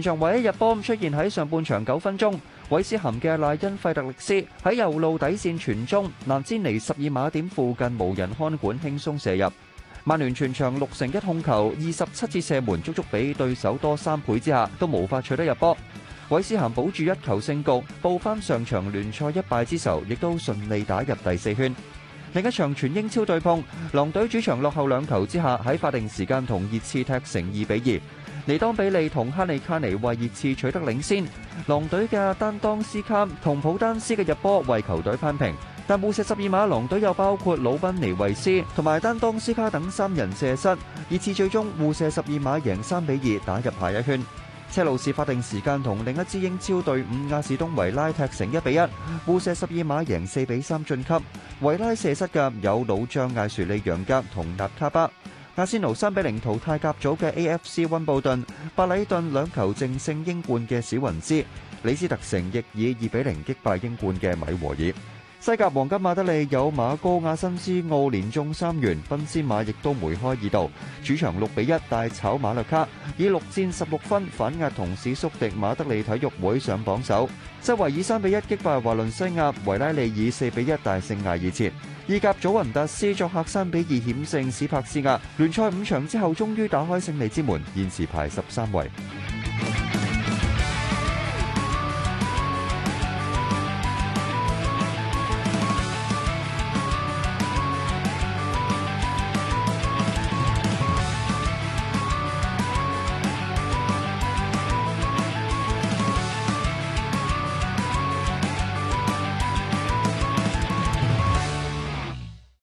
全場唯一入波出現喺上半場九分鐘，韋斯咸嘅賴恩費特力斯喺右路底線傳中，南芝尼十二碼點附近無人看管，輕鬆射入。曼聯全場六成一控球，二十七次射門，足足比對手多三倍之下，都無法取得入波。韋斯咸保住一球勝局，報翻上場聯賽一敗之仇，亦都順利打入第四圈。另一場全英超對碰，狼隊主場落後兩球之下，喺法定時間同熱刺踢成二比二。尼當比利同哈利卡尼為熱刺取得領先，狼隊嘅丹當斯卡同普丹斯嘅入波為球隊翻平。但互射十二碼，狼隊又包括魯賓尼維斯同埋丹當斯卡等三人射失，熱刺最終互射十二碼贏三比二，打入下一圈。車路士法定時間同另一支英超隊伍亞士東維拉踢成一比一，互射十二碼贏四比三晉級。維拉射失嘅有老將艾殊利楊格同納卡巴。阿仙奴三比零淘汰甲組嘅 AFC 溫布頓，白禮頓兩球淨勝英冠嘅史雲斯，李斯特城亦以二比零擊敗英冠嘅米和爾。西甲皇家馬德里有馬高亞辛斯奧連中三元，賓斯馬亦都梅開二度，主場六比一大炒馬略卡，以六戰十六分反壓同市宿敵馬德里體育會上榜首。塞維爾以三比一擊敗華倫西亞，維拉利爾以四比一大勝埃爾切，意甲祖雲達斯作客三比二險勝史帕斯亞，聯賽五場之後終於打開勝利之門，現時排十三位。